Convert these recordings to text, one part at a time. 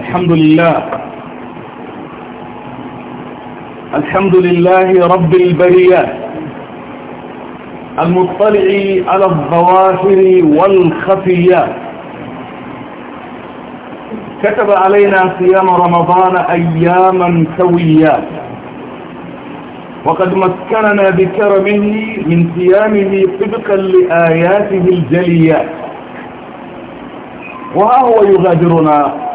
الحمد لله الحمد لله رب البريات المطلع على الظواهر والخفيات كتب علينا صيام رمضان أياما سويات وقد مكننا بكرمه من صيامه طبقا لآياته الجليات وها هو يغادرنا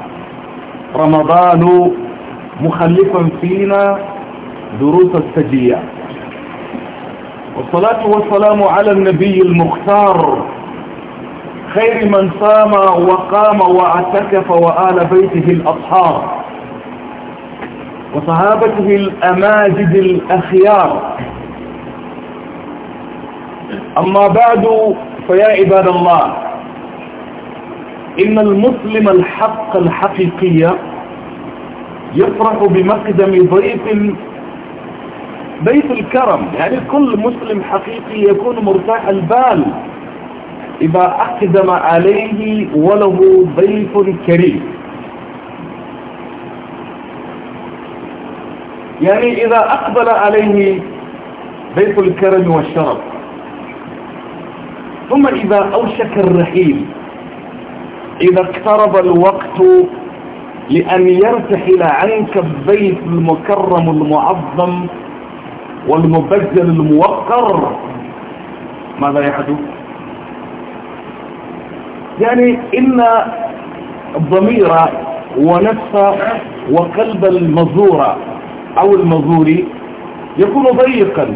رمضان مخلفا فينا دروس السجية والصلاة والسلام على النبي المختار خير من صام وقام واعتكف وآل بيته الأطهار وصحابته الأماجد الأخيار أما بعد فيا عباد الله إن المسلم الحق الحقيقي يفرح بمقدم ضيف بيت الكرم يعني كل مسلم حقيقي يكون مرتاح البال إذا أقدم عليه وله ضيف كريم يعني إذا أقبل عليه بيت الكرم والشرف ثم إذا أوشك الرحيل إذا اقترب الوقت لأن يرتحل عنك البيت المكرم المعظم والمبجل الموقر ماذا يحدث يعني إن الضمير ونفس وقلب المزورة أو المزور يكون ضيقا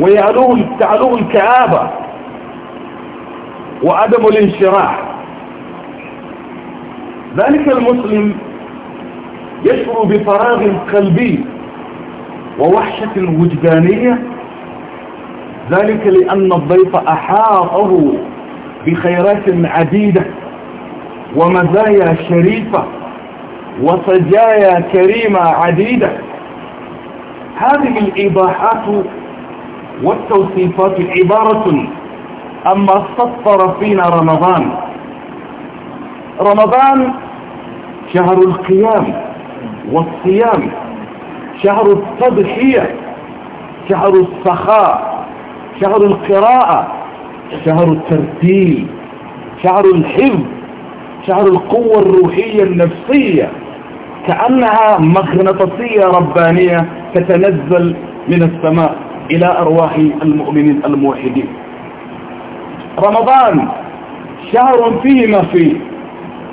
ويعلوه تعلوه الكآبة وعدم الانشراح ذلك المسلم يشعر بفراغ قلبي ووحشة وجدانية ذلك لأن الضيف أحاطه بخيرات عديدة ومزايا شريفة وسجايا كريمة عديدة هذه الإباحات والتوصيفات عبارة أما سطر فينا رمضان رمضان شهر القيام والصيام شهر التضحية شهر السخاء شهر القراءة شهر الترتيل شهر الحفظ شهر القوة الروحية النفسية كأنها مغناطيسية ربانية تتنزل من السماء إلى أرواح المؤمنين الموحدين رمضان شهر فيه ما فيه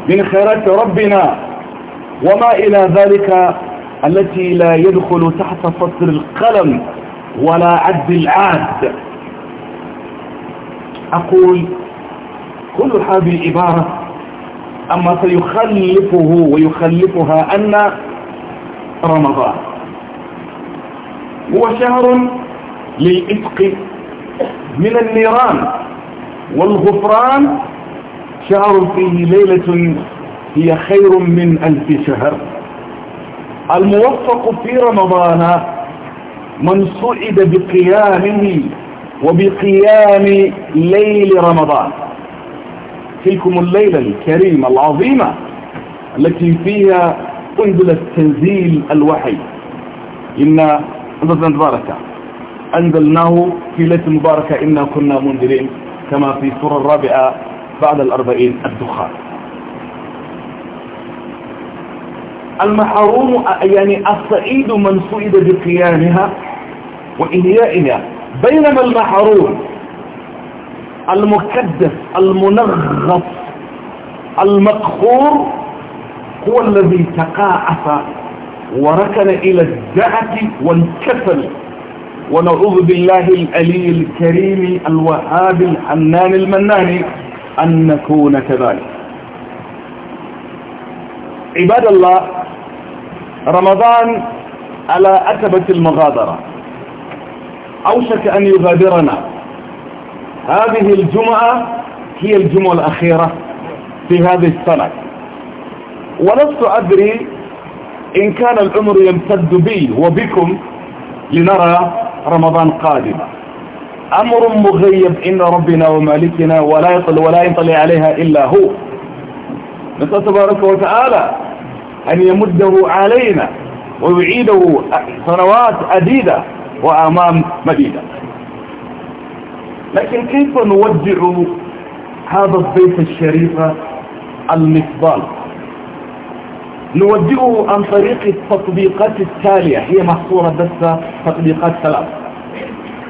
من خيرات ربنا وما إلى ذلك التي لا يدخل تحت سطر القلم ولا عد العاد أقول كل هذه العبارة أما سيخلفه ويخلفها أن رمضان هو شهر للإتق من النيران والغفران شهر فيه ليلة هي خير من ألف شهر الموفق في رمضان من صعد بقيامه وبقيام ليل رمضان تلكم الليلة الكريمة العظيمة التي فيها أنزل تنزيل الوحي إن أنزلنا مباركة أنزلناه في ليلة مباركة إنا كنا منذرين كما في سورة الرابعة بعد الأربعين الدخان المحروم يعني الصعيد من صعد بقيامها وإنيائها بينما المحروم المكدس المنغص المقهور هو الذي تقاعف وركن إلى الدعة والكسل ونعوذ بالله الألي الكريم الوهاب الحنان المنان أن نكون كذلك عباد الله رمضان على عتبة المغادرة أوشك أن يغادرنا هذه الجمعة هي الجمعة الأخيرة في هذه السنة ولست أدري إن كان العمر يمتد بي وبكم لنرى رمضان قادمة أمر مغيب إن ربنا ومالكنا ولا يطل ولا ينطلي عليها إلا هو نسأل تبارك وتعالى أن يمده علينا ويعيده سنوات عديدة وأمام مديدة لكن كيف نودع هذا الضيف الشريف المفضل نودعه عن طريق التطبيقات التالية هي محصورة بس تطبيقات ثلاث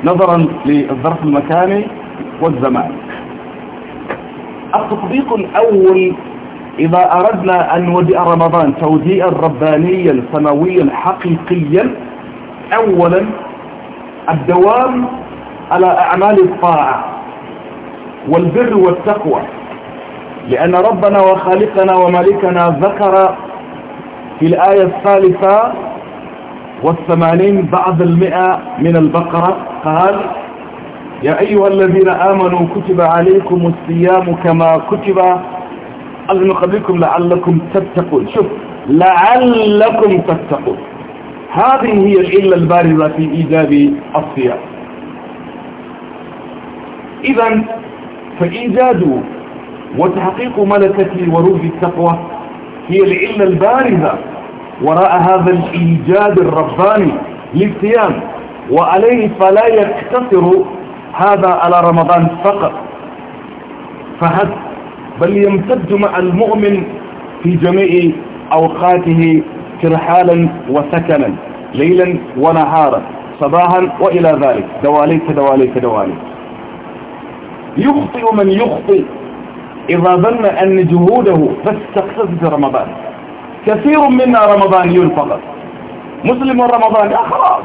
نظرا للظرف المكاني والزمان التطبيق الأول إذا أردنا أن نودع رمضان توديئا ربانيا سماويا حقيقيا أولا الدوام على أعمال الطاعة والبر والتقوى لأن ربنا وخالقنا وملكنا ذكر في الآية الثالثة والثمانين بعد المئة من البقرة قال يا أيها الذين آمنوا كتب عليكم الصيام كما كتب الله قبلكم لعلكم تتقون شوف لعلكم تتقون هذه هي العلة البارزة في إيجاب الصيام إذا فإيجاد وتحقيق ملكة ورود التقوى هي العلة البارزة وراء هذا الإيجاد الرباني للصيام وعليه فلا يقتصر هذا على رمضان فقط فهذا بل يمتد مع المؤمن في جميع أوقاته ترحالا وسكنا ليلا ونهارا صباحا وإلى ذلك دواليك دواليك دواليك يخطئ من يخطئ إذا ظن أن جهوده بس تقصد في رمضان كثير منا رمضانيون فقط مسلم رمضان آه، خلاص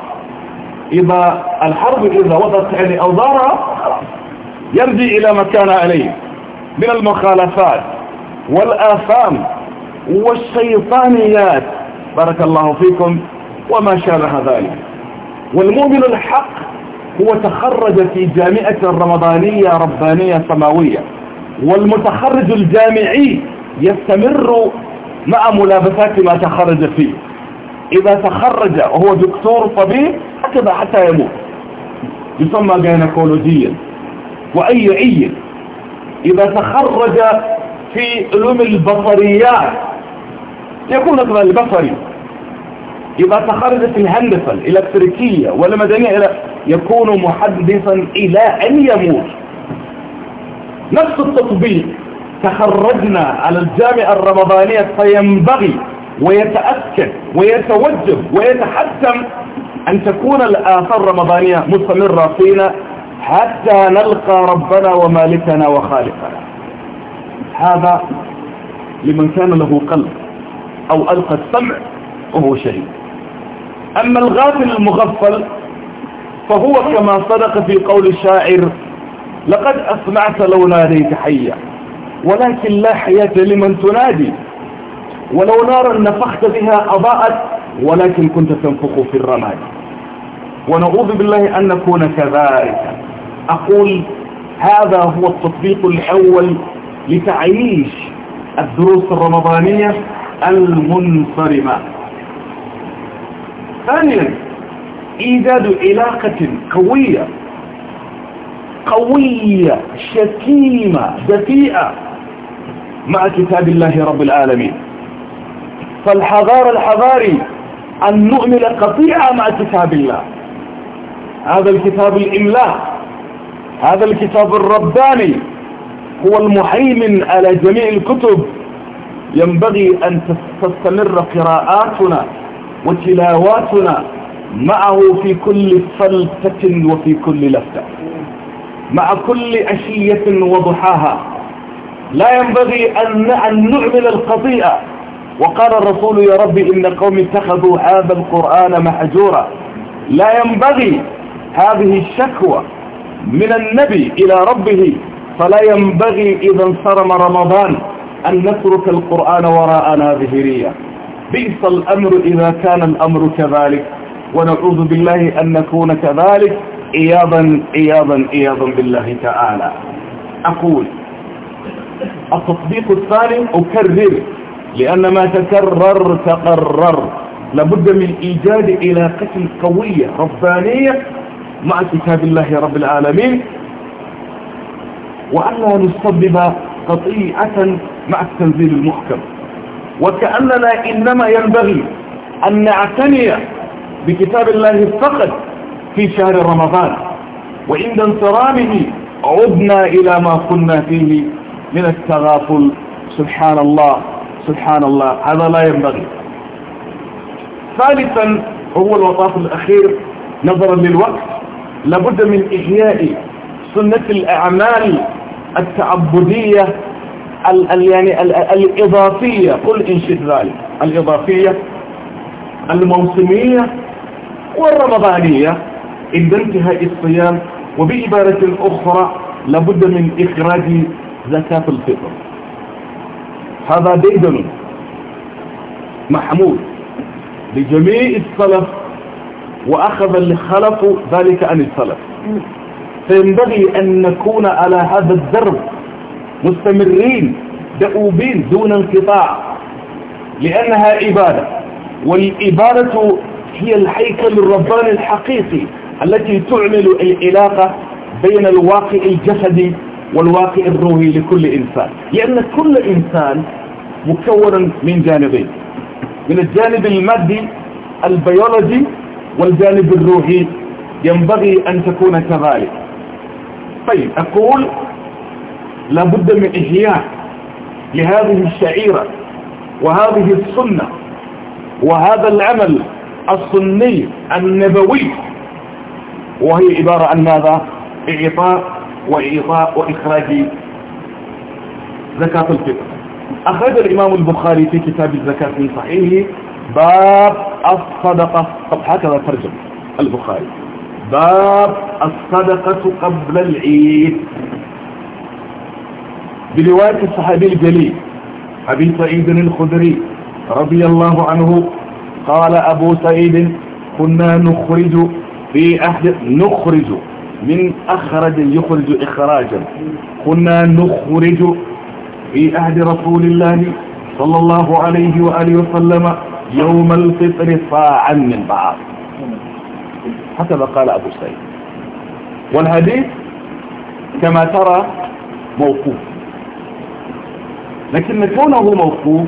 إذا الحرب إذا وضعت عليه أوزارها خلاص يرجع إلى ما كان عليه من المخالفات والآثام والشيطانيات بارك الله فيكم وما شابه ذلك والمؤمن الحق هو تخرج في جامعة رمضانية ربانية سماوية والمتخرج الجامعي يستمر مع ملابسات ما تخرج فيه إذا تخرج وهو دكتور طبيب هكذا حتى يموت يسمى جينكولوجيا وأي عين إذا تخرج في علوم البصريات يكون أصلا البصري إذا تخرج في الهندسة الإلكتريكية والمدنية إلى يكون محدثا إلى أن يموت نفس التطبيق تخرجنا على الجامعة الرمضانية فينبغي ويتأكد ويتوجب ويتحتم أن تكون الآثار الرمضانية مستمرة فينا حتى نلقى ربنا ومالكنا وخالقنا هذا لمن كان له قلب أو ألقى السمع وهو شهيد أما الغافل المغفل فهو كما صدق في قول الشاعر لقد أسمعت لو ناديت حيا ولكن لا حياة لمن تنادي ولو نارا نفخت بها أضاءت ولكن كنت تنفخ في الرماد ونعوذ بالله أن نكون كذلك أقول هذا هو التطبيق الأول لتعييش الدروس الرمضانية المنصرمة ثانيا إيجاد علاقة قوية قوية شكيمة دفيئة مع كتاب الله رب العالمين فالحضار الحضاري أن نؤمن قطيعة مع كتاب الله هذا الكتاب الإملاء هذا الكتاب الرباني هو المهيمن على جميع الكتب ينبغي أن تستمر قراءاتنا وتلاواتنا معه في كل فلتة وفي كل لفتة مع كل عشية وضحاها لا ينبغي أن نعمل القضية وقال الرسول يا رب إن قوم اتخذوا هذا القرآن محجورا لا ينبغي هذه الشكوى من النبي إلى ربه فلا ينبغي إذا انصرم رمضان أن نترك القرآن وراءنا ظهريا بئس الأمر إذا كان الأمر كذلك ونعوذ بالله أن نكون كذلك إياضا إياضا إياضا بالله تعالى أقول التطبيق الثاني أكرر لأن ما تكرر تقرر لابد من إيجاد علاقة قوية ربانية مع كتاب الله رب العالمين وألا نصبب قطيعة مع التنزيل المحكم وكأننا إنما ينبغي أن نعتني بكتاب الله فقط في شهر رمضان وعند انصرامه عدنا إلى ما كنا فيه من التغافل سبحان الله سبحان الله هذا لا ينبغي ثالثا هو الوطاف الأخير نظرا للوقت لابد من إحياء سنة الأعمال التعبدية الـ الـ يعني الـ الإضافية قل إن شئت ذلك الإضافية الموسمية والرمضانية عند انتهاء الصيام وبعبارة أخرى لابد من إخراج زكاة الفطر هذا ديدن محمود لجميع السلف وأخذ خلفوا ذلك عن السلف فينبغي أن نكون على هذا الدرب مستمرين دؤوبين دون انقطاع لأنها عبادة والعبادة هي الهيكل الرباني الحقيقي التي تعمل العلاقة بين الواقع الجسدي والواقع الروحي لكل إنسان لأن كل إنسان مكون من جانبين من الجانب المادي البيولوجي والجانب الروحي ينبغي أن تكون كذلك طيب أقول لابد من إحياء لهذه الشعيرة وهذه السنة وهذا العمل السني النبوي وهي عبارة عن ماذا إعطاء وإعطاء وإخراج زكاة الفطر أخرج الإمام البخاري في كتاب الزكاة من صحيحه باب الصدقة طب هكذا ترجم البخاري باب الصدقة قبل العيد برواية الصحابي الجليل أبي سعيد الخدري رضي الله عنه قال أبو سعيد كنا نخرج في أحد نخرج من أخرج يخرج إخراجا كنا نخرج في أحد رسول الله صلى الله عليه وآله وسلم يوم الفطر صاعا من بعض هكذا قال أبو سعيد والحديث كما ترى موقوف لكن كونه موقوف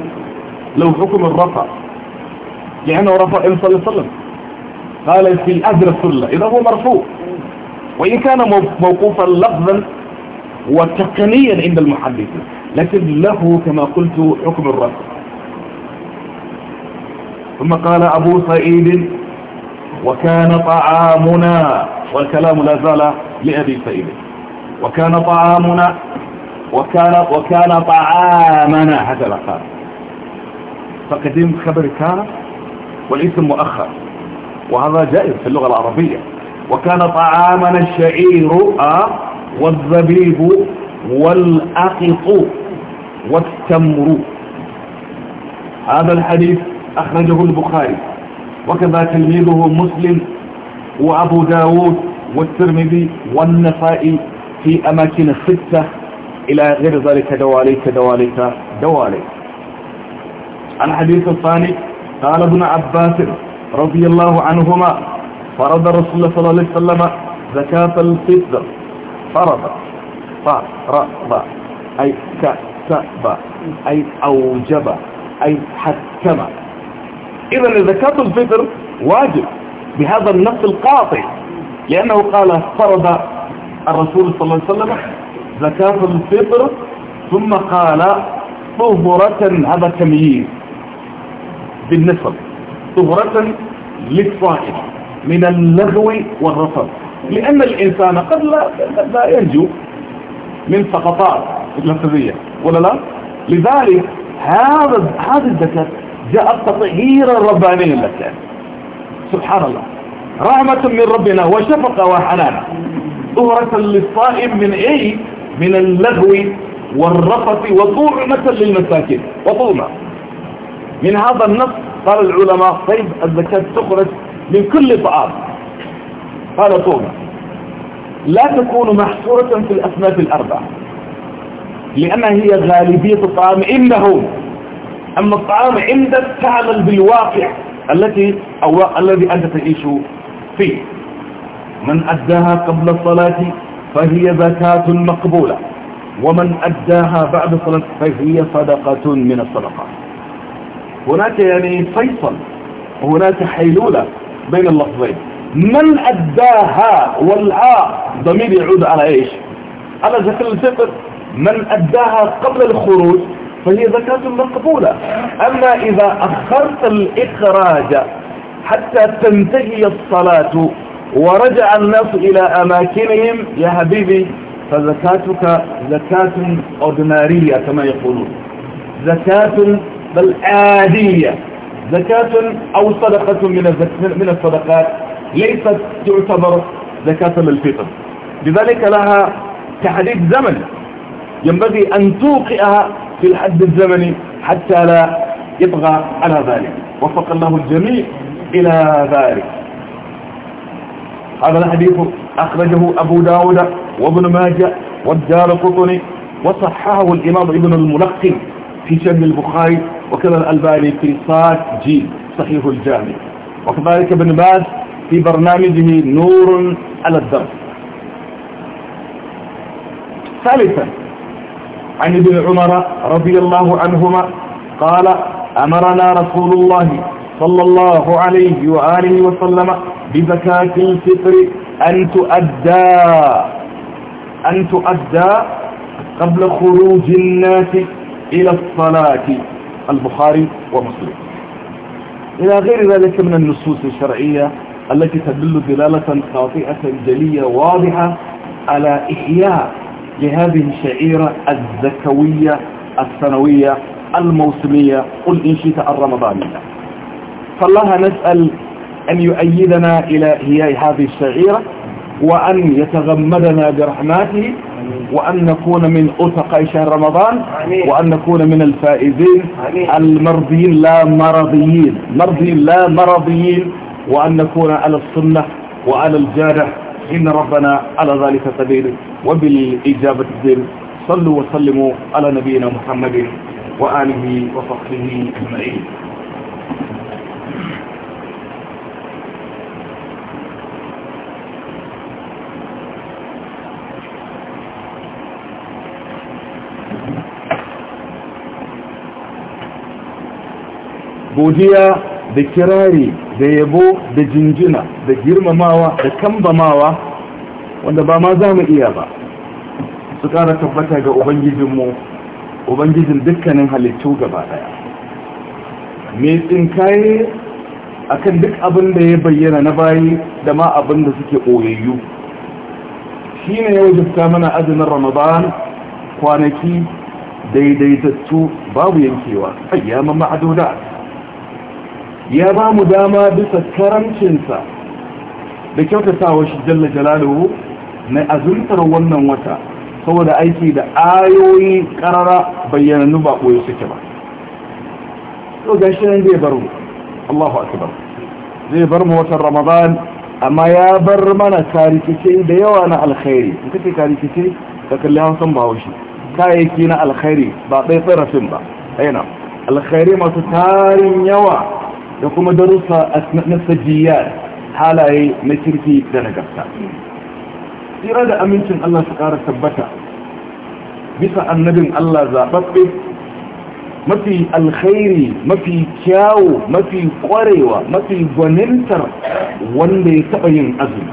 لو حكم الرفع لأنه رفع إن صلى الله عليه وسلم قال في الأجر السلة إذا هو مرفوع وإن كان موقوفا لفظا وتقنيا عند المحدثين لكن له كما قلت حكم الرفع ثم قال أبو سعيد وكان طعامنا والكلام لا زال لأبي سعيد وكان طعامنا وكان وكان طعامنا هذا قال فقديم خبر كان والاسم مؤخر وهذا جائز في اللغة العربية وكان طعامنا الشعير آه، والزبيب والأقط والتمر هذا الحديث أخرجه البخاري وكذا تلميذه مسلم وأبو داود والترمذي والنسائي في أماكن الستة إلى غير ذلك دواليك دواليك دواليك الحديث الثاني قال ابن عباس رضي الله عنهما فرض رسول الله صلى الله عليه وسلم زكاة الفطر فرض فرض أي كتب أي أوجب أي حكم إذا زكاة الفطر واجب بهذا النص القاطع لأنه قال فرض الرسول صلى الله عليه وسلم زكاة الفطر ثم قال طهرة هذا تمييز بالنسب طهرة للصائم من اللغو والرفض لأن الإنسان قد لا, لا ينجو من سقطات لفظية ولا لا لذلك هذا هذه الزكاة جاء التطهير الرباني لك سبحان الله رحمة من ربنا وشفقة وحنانة طهرة للصائم من ايه من اللغو والرفث وطعمة للمساكين وطعمة من هذا النص قال العلماء طيب الزكاة تخرج من كل طعام قال طعمة لا تكون محصورة في الأصناف الأربعة لأنها هي غالبية الطعام إنهم أما الطعام عندك تعمل بالواقع التي أو الذي أنت تعيش فيه من أداها قبل الصلاة فهي زكاة مقبولة ومن أداها بعد الصلاة فهي صدقة من الصدقات هناك يعني فيصل هناك حيلولة بين اللفظين من أداها والعاء ضمير يعود على إيش على زكاة الفطر من أداها قبل الخروج فهي زكاة مقبولة أما إذا أخرت الإخراج حتى تنتهي الصلاة ورجع الناس إلى أماكنهم يا حبيبي فزكاتك زكاة أردنارية كما يقولون زكاة بل عادية زكاة أو صدقة من من الصدقات ليست تعتبر زكاة للفطر لذلك لها تحديد زمن ينبغي أن توقئها في الحد الزمني حتى لا يطغى على ذلك وفق الله الجميع إلى ذلك هذا الحديث أخرجه أبو داود وابن ماجة والدار قطني وصححه الإمام ابن الملقن في شرح البخاري وكذا الألباني في صاد جيم صحيح الجامع وكذلك ابن باز في برنامجه نور على الدرس ثالثا عن ابن عمر رضي الله عنهما قال أمرنا رسول الله صلى الله عليه وآله وسلم بزكاة الفطر أن تؤدى أن تؤدى قبل خروج الناس إلى الصلاة البخاري ومسلم إلى غير ذلك من النصوص الشرعية التي تدل دلالة خاطئة جلية واضحة على إحياء لهذه الشعيرة الزكوية السنوية الموسمية قل إن شئت الرمضانية فالله نسأل أن يؤيدنا إلى هي هذه الشعيرة وأن يتغمدنا برحماته وأن نكون من أتقى شهر رمضان وأن نكون من الفائزين المرضيين لا مرضيين مرضيين لا مرضيين وأن نكون على السنة وعلى الجارح إن ربنا على ذلك سبيل وبالإجابة الدين صلوا وسلموا على نبينا محمد وآله وصحبه أجمعين بوديا بكراري da yabo da jinjina da girmamawa da kambamawa wanda ba ma za mu iya ba su ƙara tabbata ga ubangijinmu ubangijin dukkanin halittu gaba ɗaya mai tsinkaye a kan duk abin da ya bayyana na bayi da ma abin da suke ɓoyayyu shi ne ya wajibta mana azumin ramadan kwanaki daidaitattu babu yankewa ayyaman ma'adoda ya ba mu dama bisa karamcinsa da kyautatawa shi jalla jalaluhu na azurtar wannan wata saboda aiki da ayoyi karara bayyana ba koyo suke ba to shi nan zai bar mu Allahu akbar zai bar mu watan Ramadan amma ya bar mana karikice da yawa na alkhairi in kace karikice ka kalli hausan bahaushe kayayyaki na alkhairi ba ɗaya tsarafin ba aina alkhairi masu tarin yawa da kuma darussa na sajiyar halaye na kirki da nagarta tsira da amincin Allah su ƙara tabbata bisa annabin Allah zaɓaɓɓe mafi alkhairi mafi kyawo mafi ƙwarewa mafi gwanintar wanda ya taɓa yin azumi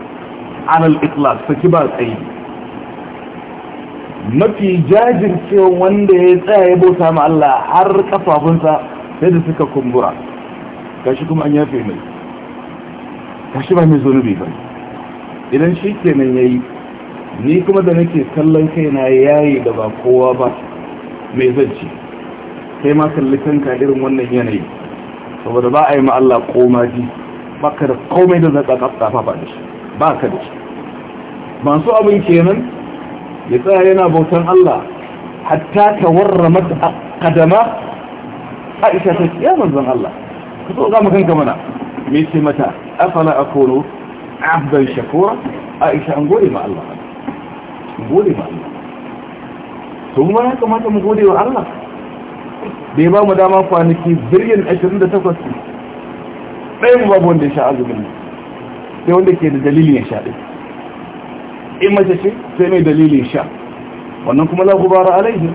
alal iklas saki ba tsayi mafi jajircewa wanda ya tsaya ya bauta ma Allah har kafafunsa sai da suka kumbura gashi kuma an yafe mai gashi ba mai zunubi ba idan shi kenan yi ni kuma da nake kallon kaina yayi da ba kowa ba mai zanci sai ma kalli kanka irin wannan yanayi saboda ba a yi ma Allah koma ji ka da komai da zaka kafa ba da shi ka da shi masu abin kenan ya tsaya yana bautan Allah hatta tawarra mata kadama Aisha ta ya manzon Allah ku zo za mu ganka mana me ce mata afala akunu abdan shakura aisha an gode ma Allah gode ma Allah to mu ya kamata mu gode wa Allah bai ba mu dama kwanaki biryan 28 mu babu wanda ya sha azumin sai wanda ke da dalilin ya sha ɗin in mace ce sai mai dalilin sha wannan kuma la gubara alaihi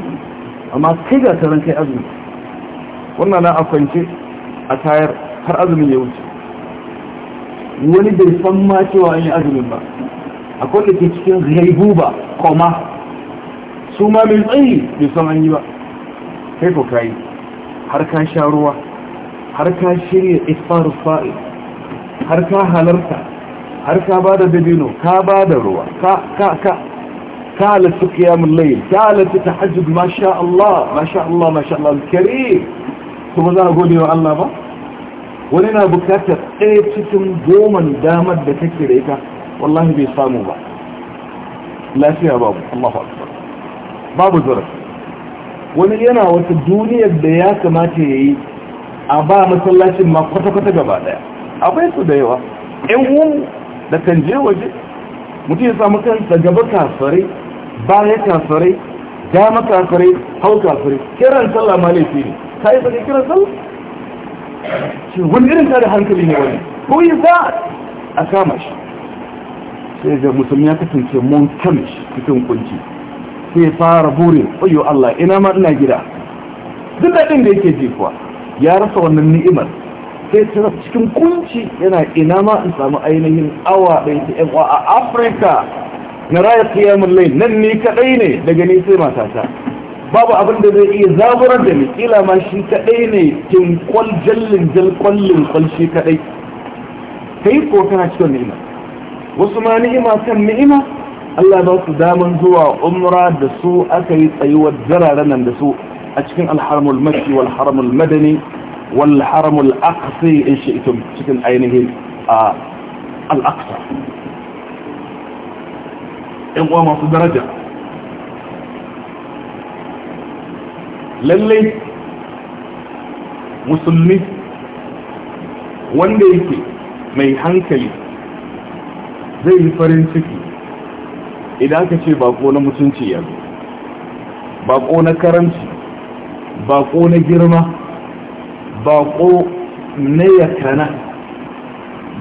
amma kai ga taron kai azumi wannan na akwance a tayar har azumin ya wuce wani bai san ma cewa an yi azumin ba akwai da ke cikin raibu ba koma su ma mai tsayi bai san an yi ba kai ko kayi har ka sha ruwa har ka shirya isfaru fa'i har ka halarta har ka ba da dabino ka ba da ruwa ka ka ka ka halatta kiyamun layi ka halatta ta hajjud masha Allah masha Allah masha Allah karim kuma za a gode wa Allah ba wani na bukatar ɗaya cikin goman damar da take da ita wallahi bai samu ba lafiya babu Allahu babu zarafi wani yana wata duniyar da ya kamata ya yi a ba masallacin ma kwata-kwata gaba daya akwai su da yawa ɗan uwan da kan je waje mutum ya samu kansa gaba kasare baya kasare dama kasare hau kasare kiran sallah ma laifi ne ta yi sake kiran sallah shi wani irin tare hankali ne wani ko yi za a kama shi sai ga musulmi ya kasance mun kame shi cikin kunci sai fara burin oyo Allah ina ma ina gida duk daɗin da yake ji kuwa ya rasa wannan ni'imar sai ta cikin kunci yana ina ma in samu ainihin awa ɗaya ta yan a afirka na raya kiyamun lai nan ni kaɗai ne daga ni sai matata babu abin da zai iya zaburar da ni kila ma shi kadai ne kin kwal jallin jal kwallin kwal shi kadai kai ko kana cikin ni'ima wasu ma ni'ima kan ni'ima Allah ba su daman zuwa umra da su aka yi tsayuwar jararen nan da su a cikin alharamul makki wal haramul madani wal haramul aqsa, in shi'tum cikin ainihin al aqsa in uwa masu daraja lallai musulmi wanda yake mai hankali zai yi farin ciki idan aka ce bako na mutunci yanzu bako na karanci bako na girma bako na yakana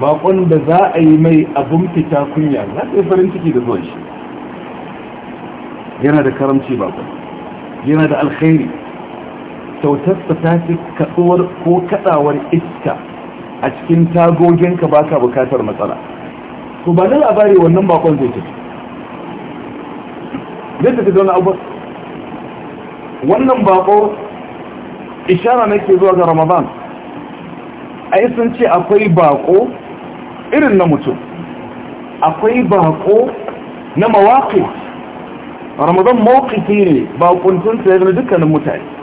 bakon da za a yi mai abun fita kunya za ta yi farin ciki da zuwan shi yana da karamci bakon yana da alkhairi kyautarsa ta fi kaɗuwar ko kadawar iska a cikin tagoginka ba ka bukatar matsala to ba na labari wannan bakon zai tafi zai tafi zaune abu wannan bako ishara nake zuwa ga ramadan a yi sun ce akwai bako irin na mutum akwai bako na mawaƙi ramadan mawuƙi ne bakuntunsa ya zama dukkanin mutane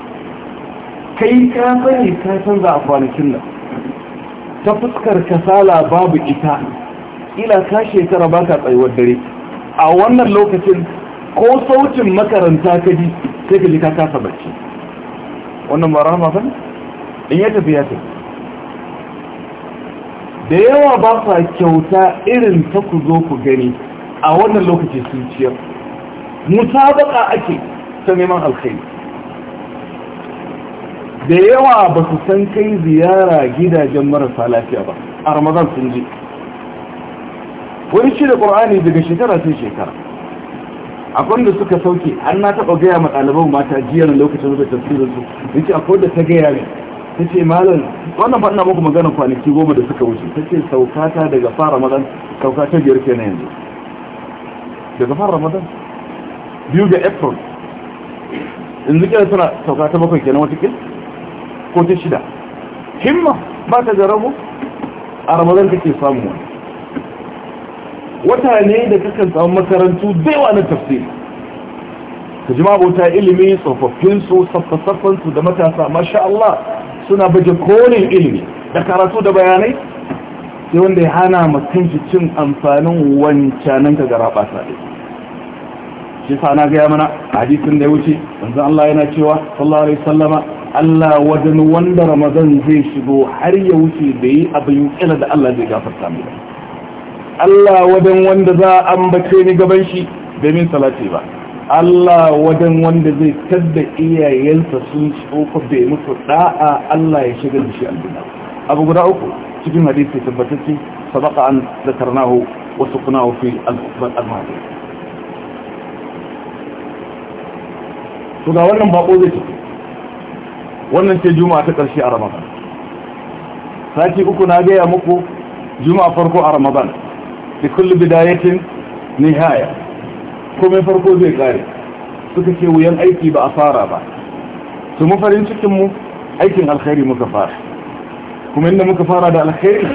kai ka sani ka canza a kwanakin nan ta fuskar kasala babu ita ila ka shekara ba ka tsayuwar dare a wannan lokacin ko sautin makaranta ka ji sai ka ji ka kasa bacci wannan ba rama ba in ya tafi ya tafi da yawa ba sa kyauta irin ta ku zo ku gani a wannan lokaci sun ciyar mutabaka ake ta neman alkhairi da yawa ba su san kai ziyara gidajen marasa lafiya ba a ramadan sun ji wani shi da ƙur'ani daga shekara sai shekara akwai da suka sauke an na taɓa gaya ma ɗaliban mata jiya na lokacin da tafsirin su yake akwai da ta gaya ne ta ce malam wannan faɗin ina muku magana kwanaki goma da suka wuce ta ce saukata daga fara ramadan saukata biyar kenan yanzu daga fara ramadan biyu ga april yanzu kira tana saukata ta bakwai kenan wata ko ta shida himma ba ta da rabu a ramadan kake samu wani wata ne da kakan samu makarantu wa na tafsiri ka ji mabota ilimi tsofaffinsu saffasaffansu da matasa masha Allah suna baje kone ilimi da karatu da bayanai sai wanda ya hana mutum cin amfanin wancanin ka gara basa shi sa na gaya mana hadisin da ya wuce wanzu Allah yana cewa sallallahu alaihi sallama Allah wajen wanda Ramadan zai shigo har ya wuce da yi abin kila da Allah zai gafarta mai Allah wajen wanda za a ambace ni gaban shi domin salati ba Allah wajen wanda zai tadda iyayensa sun tsofa bai mutu da'a Allah ya shiga da shi albina abu guda uku cikin hadisi tabbatacce sabaka an zakarnahu wasu kuna fi al-mahdi to wannan bako zai tafi wannan ce juma ta ƙarshe a ramadan sati uku na gaya muku juma'a farko a ramadan da kullu bidayatin nihaya komai farko zai kare suka ce wuyan aiki ba a fara ba su mu farin cikin mu aikin alkhairi muka fara kuma inda muka fara da alkhairi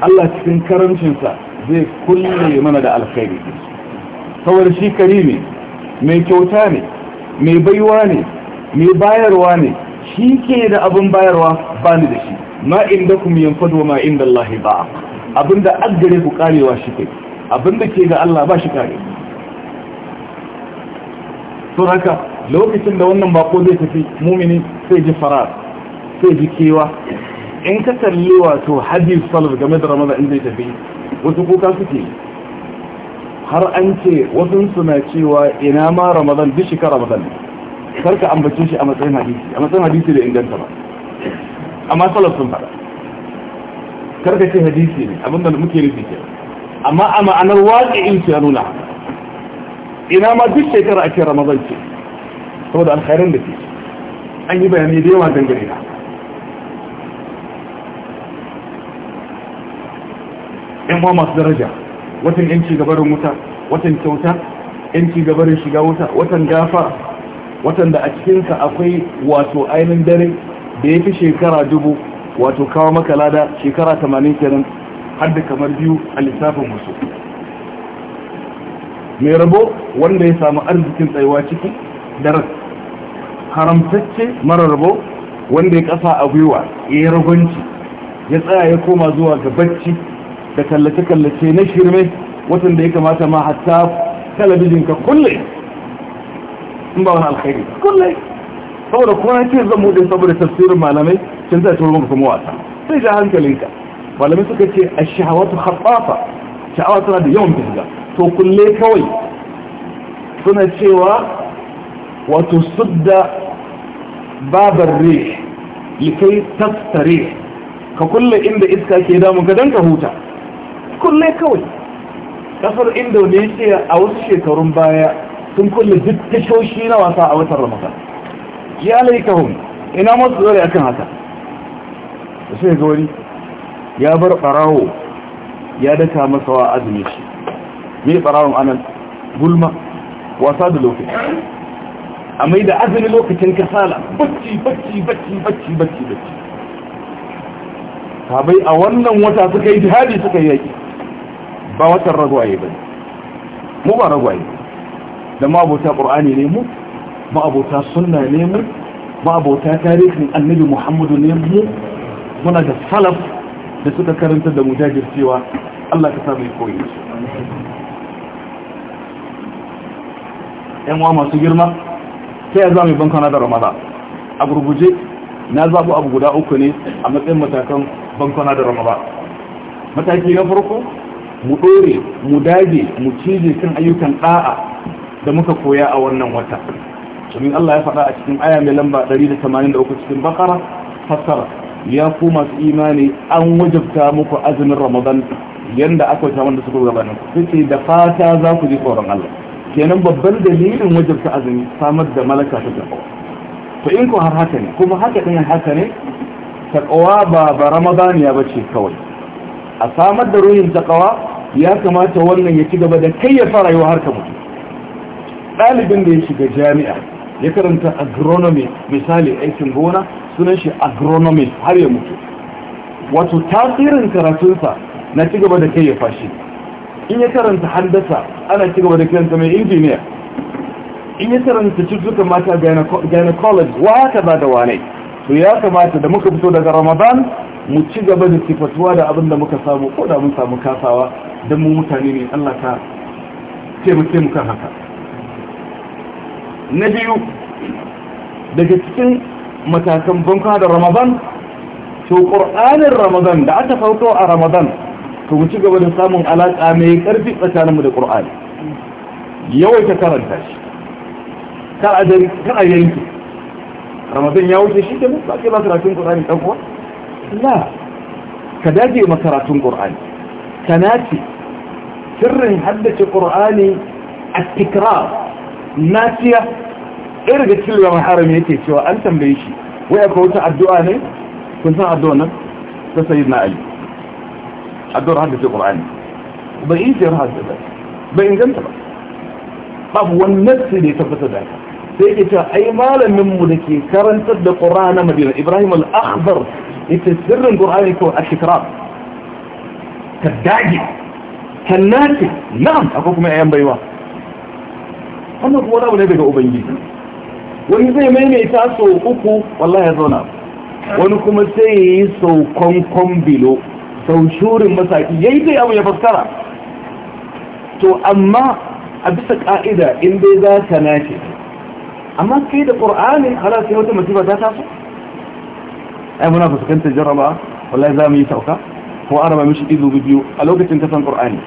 Allah cikin karancinsa zai kulle mana da alkhairi saboda shi karimi mai kyauta ne mai baiwa ne mai bayarwa ne shi ke da abin bayarwa ba ni da shi ma inda kuma yanfad wa ma inda Allah ba abinda aggare ku karewa shi kai abinda ke ga Allah ba shi kare to haka lokacin da wannan bako zai tafi mumini sai ji farar sai ji kewa in ka kalli wato hadis salaf game da ramadan in zai tafi wasu kuka suke har an ce wasu suna cewa ina ma ramadan duk shekara ramadan ne karka ambacin shi a matsayin hadisi a matsayin hadisi da inganta ba amma salaf sun fada karka ce hadisi ne abinda muke nufi ke amma a ma'anar waƙi in ce nuna ina ma duk shekara ake ramadan ce saboda alkhairin da ke an yi bayani da yawa dangane na yan uwa masu daraja watan yanci gabarin wuta watan kyauta yanci gabarin shiga wuta watan gafa watan da a cikinsa akwai wato ainihin dare da ya fi shekara dubu wato kawo maka lada shekara tamanin kenan har da kamar biyu a lissafin musu mai rabo wanda ya samu arzikin tsayuwa ciki dare haramtacce mara rabo wanda ya kasa a gwiwa ya yi ragonci ya tsaya ya koma zuwa ga bacci da kallace-kallace na shirme watan da ya kamata ma hatta talabijin ka kulle in ba wani alkhairi kullai saboda kuma na ce zan buɗe saboda tafsirin malamai can zai turo muku mawata sai ja hankalinka malamai suka ce a shahawatu harfafa sha'awa tana da yawan fisga to kulle kawai suna cewa wato sudda babar re likai tattare ka kulle inda iska ke damun ka don ka huta kulle kawai kasar indonesia a wasu shekarun baya sun kulle duk tashoshi na wasa a watan ramadan ya laikahum ina masu dore akan haka da sai ga wani ya bar barawo ya daka masa wa azumi shi me barawon anan gulma wasa da lokaci a mai da azumi lokacin kasala bacci bacci bacci bacci bacci bacci sabai a wannan wata suka yi jihadi suka yi yaki ba watan ragwaye ba ne. mu ba ragwaye ba da ma'abota ƙur'ani ne mu ma'abota sunna ne mu ma'abota tarihin annabi muhammadu ne mu muna da salaf da suka karanta da mujajircewa Allah ka samu koyi yan wa masu girma sai ya zama bankana da ramada a gurguje na zaɓi abu guda uku ne a matsayin matakan bankana da ramadan mataki na farko mu ɗore mu dage mu cije kan ayyukan ɗa'a da muka koya a wannan wata domin Allah ya faɗa a cikin aya mai lamba 183 cikin bakara fassara ya ku masu imani an wajabta muku azumin ramadan yanda aka wata wanda suka gabanin ku sai da fata za ku ji tsoron Allah kenan babban dalilin wajabta azumi samar da malaka ta takawa to in ko har haka ne kuma haka ɗin haka ne takawa ba ba ramadaniya bace kawai a samar da ruhin takawa ya kamata wannan ya ci gaba da kai ya fara yi har harkar mutum ɗalibin da ya shiga jami'a ya karanta agronomi misali aikin gona sunan shi agronomi har ya mutu wato tasirin karatunsa na ci gaba da kai ya fashi in ya karanta handasa ana ci gaba da kiranta mai injiniya in ya karanta cututtukan mata gynecology wa haka ba da wane to ya kamata da muka fito daga ramadan mu ci gaba da sifatuwa da abin da muka samu ko da mun samu kasawa don mu mutane ne allah ka taimake mu kan haka na biyu daga cikin matakan banka da ramadan to ƙur'anin ramadan da aka sauko a ramadan to mu ci gaba da samun alaƙa mai ƙarfi tsakaninmu da ƙur'ani Yawai yawaita karanta shi kar a yanki ramadan ya wuce shi ke ba ke ba karatun ƙur'ani ɗan kuwa la ka dage ma karatun ƙur'ani ka nace sirrin haddace ƙur'ani a tikrar nasiya ɗaya daga cikin limamin harami yake cewa an tambaye shi wai akwai wata addu'a ne kun san addu'a nan ta sayi na ali addu'ar haddace ƙul'ani bai yi siyar haddace ba inganta ba babu wannan sai da ya tabbata da haka sai ke cewa ai malaminmu da ke karantar da ƙura na madina ibrahim al'akbar ita sirrin ƙura ko a shekara ka dage ka nace na'am akwai kuma yayan baiwa wannan kuma wani daga ubangiji wani zai maimaita sau uku wallah ya zauna wani kuma sai ya yi sau kwankwan bilo sau shurin masaki ya yi zai abu ya faskara to amma a bisa ƙa'ida in dai za ka nace amma kai da ƙur'anin ala sai wata masifa ta taso ai muna fuskantar jaraba wallahi za mu yi sauka ko araba mishi ido biyu a lokacin kasan ƙur'ani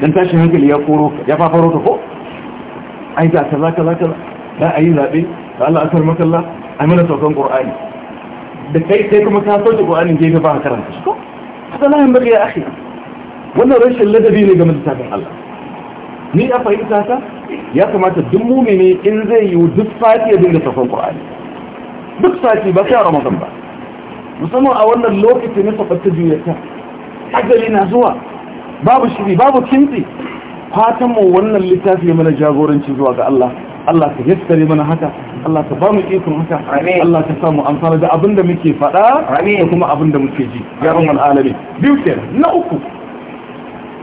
dan tashin hankali ya koro ya fafaro ta ko ai ga kaza kaza kaza za a yi zaɓe da Allah asar makalla a mana saukan ƙur'ani da kai sai kuma ka sauke ƙur'anin gefe ba karanta shi ko salahin bari ya ake. wannan rashin ladabi ne game da tafin Allah ni a fahimta ta ya kamata duk mumini in zai yi duk sati ya dinga saukan ƙur'ani duk sati ba sai a ramadan ba musamman a wannan lokacin na sabar ta juyata ajali na zuwa babu shiri babu kintsi fatan mu wannan littafi mana jagoranci zuwa ga Allah Allah ka yassare mana haka Allah ka ba mu ikon haka Allah ka samu amfana da abin da muke faɗa da kuma abin muke ji ya rabbal alamin biyu ke na uku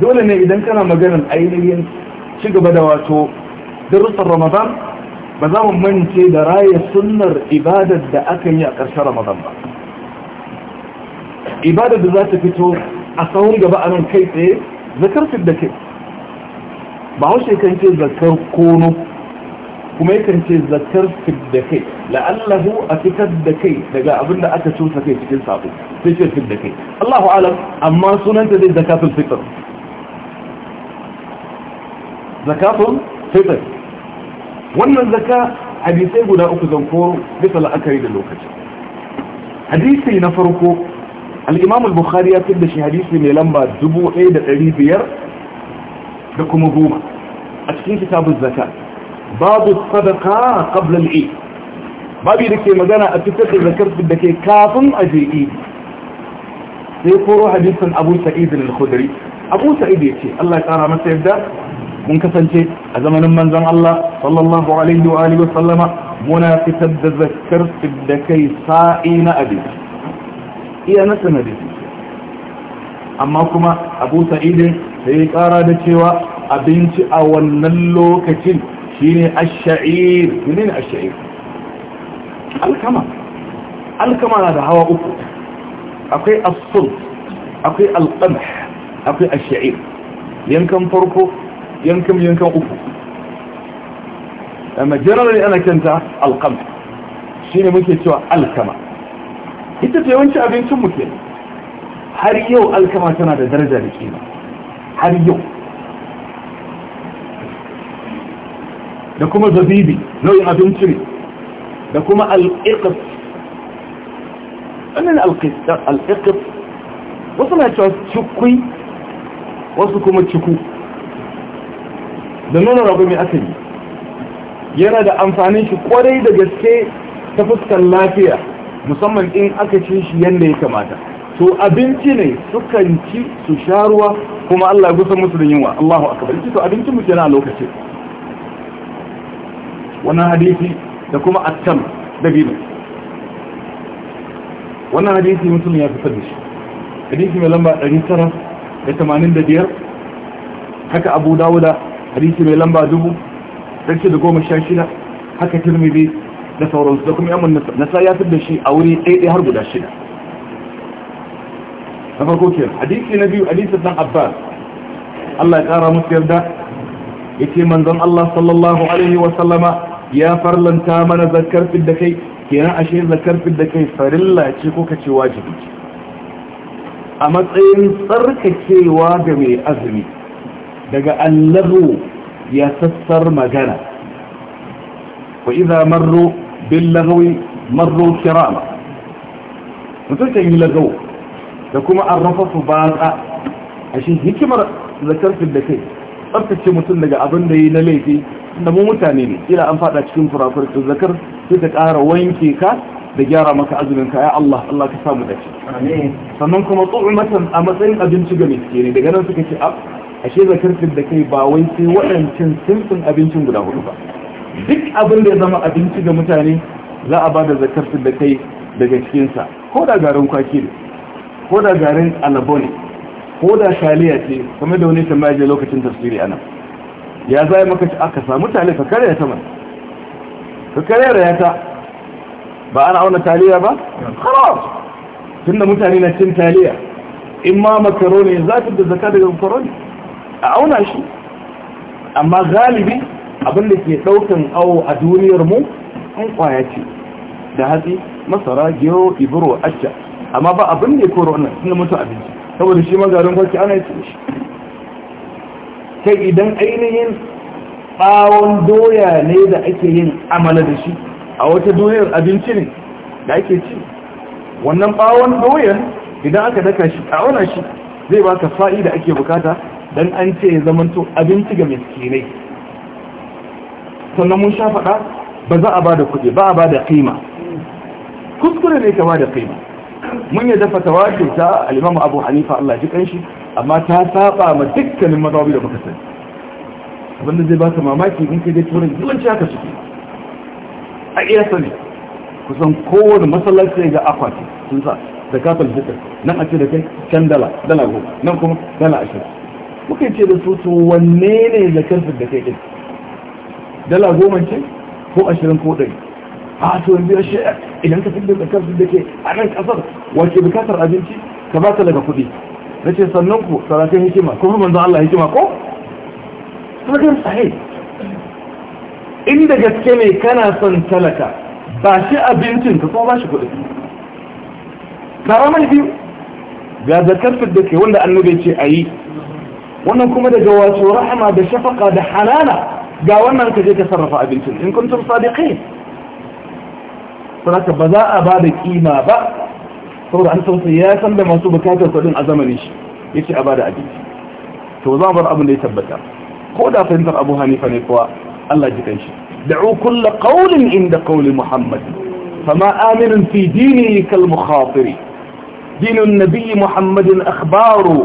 dole ne idan kana maganar ainihin ci gaba da wato darussan Ramadan ba za mu mance da raya sunnar ibadar da aka yi a ƙarshen Ramadan ba ibadar da za ta fito a sahun gaba a nan kai tsaye zakarfin da kai ba haushe kan ce zakar kono kuma yakan ce zakar fit da kai la'allahu a fitar da kai daga abin da aka cusa kai cikin sabo sai ce fit da kai Allahu alam amma sunanta zai zakatul fitr zakatul fitr wannan zaka hadisai guda uku zan koro bisa la'akari da lokaci Hadisai na farko al-imam al-bukhari ya fitar da shi hadisi mai lamba 1500 da kuma goma a cikin kitabun zaka babu sadaka qabla al-eid babu da ke magana a fitar zakar da ke kafin a je eid sai koro hadisin Abu Sa'id al-Khudri Abu Sa'id yace Allah ya tsara masa yadda mun kasance a zamanin manzon Allah sallallahu alaihi wa alihi wa sallama muna fitar da zakar da kai sa'i na abin iya na sanadi amma kuma Abu Sa'id sai kara da cewa abinci a wannan lokacin shine ash-sha'ir menene ash-sha'ir alkama alkama na da hawa uku akwai as-sulf akwai al-qamh akwai ash-sha'ir yankan farko yankan yankan uku amma generally ana kanta al-qamh shine muke cewa alkama ita ce yawanci abincin mu kenan har yau alkama tana da daraja da kima har yau da kuma zabibi nau'in abinci ne da kuma al'iƙif wannan al'iƙif wasu na cewa cikui wasu kuma ciku da nuna rabu mai yi yana da amfanin shi kwarai da gaske ta fuskar lafiya musamman in aka ci shi yadda ya kamata to abinci ne sukan ci su sha ruwa kuma Allah ya gusa musu da yunwa Allahu akbar ci to abinci mu kenan a lokaci wannan hadisi da kuma attam bibi wannan hadisi mutum ya fitar da shi hadisi mai lamba 985 haka Abu Dawuda hadisi mai lamba 1016 haka Tirmidhi da sauransu da kuma Imam Nasa'i ya fi da shi a wuri ɗaya har guda shida na farko ke hadisi na biyu hadisin dan abbas Allah ya kara musu yarda yace manzon Allah sallallahu alaihi wa sallama ya farlanta mana zakar da kai kenan ashe zakar da kai farilla ce ko kace wajibi a matsayin tsarkakewa ga mai azumi daga allahu ya sassar magana wa idza marru bil lagwi marru kirama mutum kan yi lagawo da kuma su ba a shi hikimar zakarfin da kai tsabtace mutum daga abin da yi na laifi da mu mutane ne ila an fada cikin furafurta zakar sai ta ƙara wanke ka da gyara maka azumin ka ya Allah Allah ka samu dace Amin. sannan kuma tsu'matan a matsayin abinci ga miskini daga nan suka ce a ashe zakarfin da kai ba wai sai waɗancan sinfin abincin guda hudu ba duk abin da ya zama abinci ga mutane za a ba da zakarfin da kai daga cikinsa ko da garin kwaki ne ko da garin alabo ko da shaliya ce kuma da wani tambaya je lokacin tafsiri anan ya zai maka ci aka samu mutane ka karya ta mai ka karya ta ba ana auna taliya ba khalas tunda mutane na cin taliya in ma makaroni za ta da zaka daga makaroni a auna shi amma galibi abin da ke daukan awo a duniyar mu an kwaya ce da hatsi masara gero ibro acca amma ba abin da ya koro wannan suna mutu abinci saboda shi magarin kwarki ana yi shi sai idan ainihin bawon doya ne da ake yin amala da shi a wata doyar abinci ne da ake ci wannan bawon doyar idan aka daka shi a wana shi zai baka fa'i da ake bukata don an ce ya zamanto abinci ga miskinai sannan mun sha faɗa ba za a ba da kuɗi ba a ba da kima kuskure ne ka ba da kima mun yi dafa ce ta alimamu Abu Hanifa Allah ji kanshi amma ta saba ma dukkanin mazaubi da muka sani abinda zai ba ka mamaki in kai dai turai yawanci haka suke a iya sani kusan kowane masallaci ga akwati sun sa da kafin fitar nan a ce da kai can dala dala goma nan kuma dala ashirin muka ce da su su wanne ne zakar da kai ɗin dala goma ce ko ashirin ko ɗari a to yanzu ya shi idan ka da zakar da ke a kan kasar wace bukatar abinci ka ba ta daga kuɗi na ce sannan ku sarakun hikima ko kuma manzan Allah hikima ko sarakun sahi inda gaske ne kana son talaka ba shi abincin ka kuma ba shi kuɗi tara mai biyu ga zakar da ke wanda annabi ce a yi wannan kuma daga wato rahama da shafaka da halala ga wannan ka je ka sarrafa abincin in kuntum sadiqin saboda ba za a ba da kima ba saboda an sausa ya san da masu bukatar kudin a zamanin shi ya ce a ba da abinci to za mu bar abin da ya tabbata ko da fahimtar abu hanifa ne kuwa Allah ji kanshi da'u kulla qawlin inda qawli muhammad fama amirin fi dini kal mukhatiri dinin nabi muhammadin akhbaru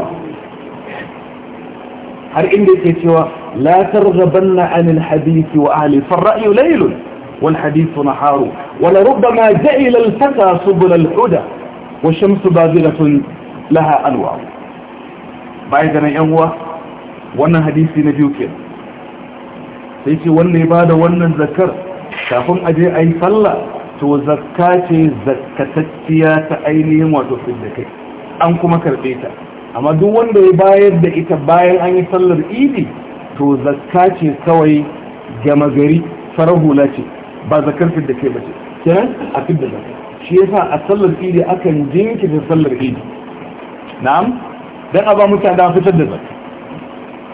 har inda yake cewa la targhabanna anil hadisi wa ahli fa ra'yu laylun والحديث نحار ولربما جئل الفتى سبل الهدى والشمس باذلة لها أنوار بعد أن ينوى wannan hadisi na biyu ke sai ce wanda ya bada wannan zakar kafin a je a yi sallah to zakka ce zakkatacciya ta ainihin wato siddakai an kuma karɓe ta amma duk wanda ya bayar da ita bayan an yi sallar idi to zakka kawai gama gari farahula ce ba zakar fidda ba ce, kenan a fidda zakar shi yasa a sallar idi akan jinkirta sallar idi na'am dan a ba mutane da fitar da zakar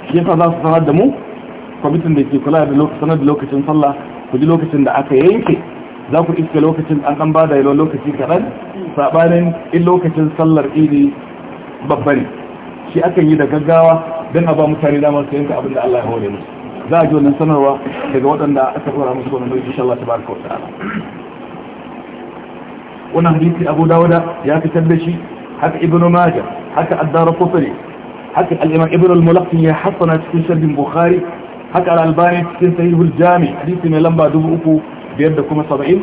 shi yasa za su sanar da mu kwamitin da ke kula da sanar da lokacin sallah ku ji lokacin da aka yanke za ku iske lokacin an an ba da yalon lokaci kaɗan saɓanin in lokacin sallar idi babban shi akan yi da gaggawa don a ba mutane damar su yanka abin da Allah ya hore musu za a ji wannan sanarwa daga waɗanda aka fara musu wannan nauyi insha Allah tabaraka wa ta'ala wannan hadisi Abu Dawuda ya fitar da shi haka Ibn Majah haka Ad-Darqutni haka al-Imam Ibn al-Mulaqqi ya hasana cikin sharhin Bukhari haka al-Albani cikin Sahih al-Jami hadisi mai lamba 3570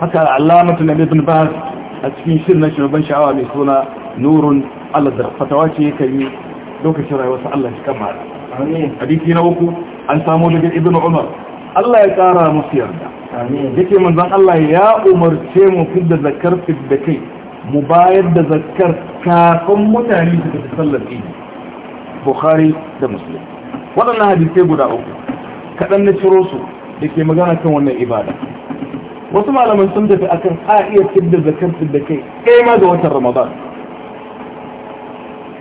haka al-Allamah Nabi Ibn Baz a cikin shirin na ban sha'awa mai suna Nurun Allah da fatawa ce ya kai lokacin rayuwarsa Allah shi kama hadisi na uku an samu daga ibn umar Allah ya kara musu yarda yake manzon Allah ya umarce mu fidda zakar fidda kai mu bayar da zakar kafin mutane su tafi sallar idi bukhari da muslim waɗannan hadisai guda uku kaɗan na ciro su da ke magana kan wannan ibada wasu malaman sun tafi akan a iya fidda zakar fidda kai ɗaya ma ga watan ramadan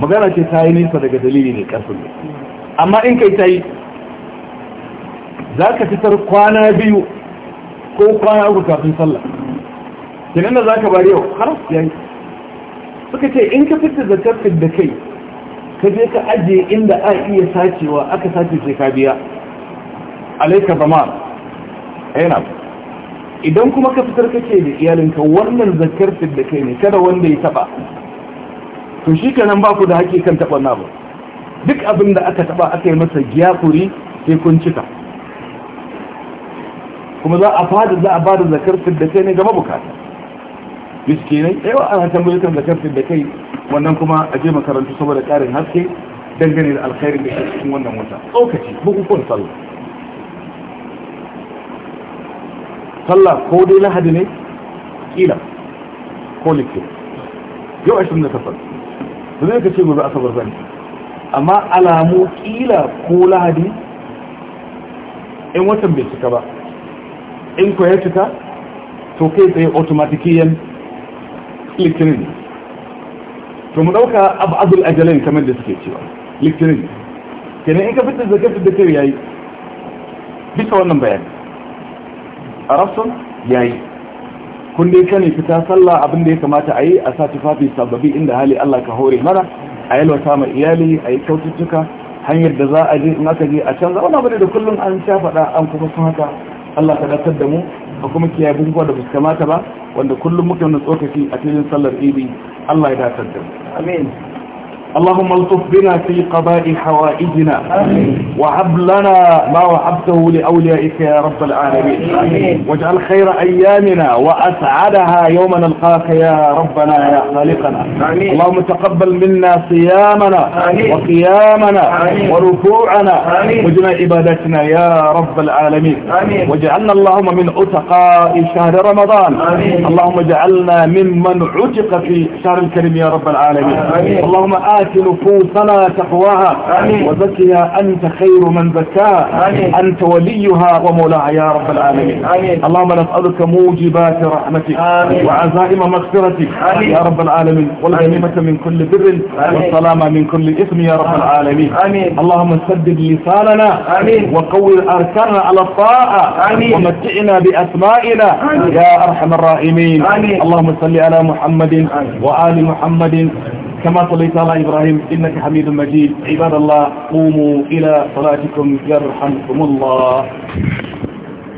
magana ce ta yi nesa daga dalili ne ƙarfin amma in kai ta yi za ka fitar kwana biyu ko kwana uku kafin sallah kenan da za ka bari yau har ya suka ce in ka fitar da tafin da kai ka je ka ajiye inda a iya sacewa aka sace sai ka biya alaika zama yana eh, idan kuma ka fitar kake da iyalinka wannan zakar da kai ne kada wanda ya taba to shi kenan ba ku da hakikan kan taɓa na ba duk abin da aka taɓa aka yi masa giyakuri sai kun cika kuma za a fada za a bada zakar da kai ne ga mabukata biski ne eh, yawa ana tambayi kan zakar da kai wannan kuma a je makarantu saboda karin haske dangane da alkhairin da ke cikin wannan wata tsokaci bukukuwan sallah sallah ko dai lahadi ne kila ko likin yau ashirin da takwas ba zai ka ce gobe asabar zan amma alamu kila ko lahadi in watan bai cika ba in ku ya cika to kai tsaye automatikiyan litinin to mu ɗauka abu azul ajalin kamar da suke cewa litinin kenan in ka fitar da kafin da kai yayi bisa wannan bayani a rafson yayi kun dai kane fita sallah abin da ya kamata a yi a sa tufafi sababi inda hali Allah ka hore mara a yi yalwata ma iyali a yi kyaututtuka hanyar da za a je in aka je a canza wani abu da kullum an sha faɗa an kuma sun haka Allah ta dakar da mu ka kuma kiyaye bukukuwa da fuska kamata ba wanda kullum muke wannan tsokaci a cikin sallar idi Allah ya dakar da mu amin اللهم الطف بنا في قضاء حوائجنا وهب لنا ما وهبته لأوليائك يا رب العالمين واجعل خير أيامنا وأسعدها يوم نلقاك يا ربنا يا خالقنا اللهم تقبل منا صيامنا وقيامنا وركوعنا وجنا عباداتنا يا رب العالمين واجعلنا اللهم من عتقاء شهر رمضان اللهم اجعلنا ممن عتق في شهر الكريم يا رب العالمين اللهم آمين آت نفوسنا تقواها وزكها أنت خير من زكاها أنت وليها ومولاها يا رب العالمين اللهم نسألك موجبات رحمتك وعزائم مغفرتك يا رب العالمين والغنيمة من كل بر والسلامة من كل إثم يا رب العالمين اللهم سدد لساننا وقوي أركاننا على الطاعة ومتعنا بأسمائنا يا أرحم الراحمين اللهم صل على محمد وآل محمد كما صليت على إبراهيم إنك حميد مجيد عباد الله قوموا إلى صلاتكم يرحمكم الله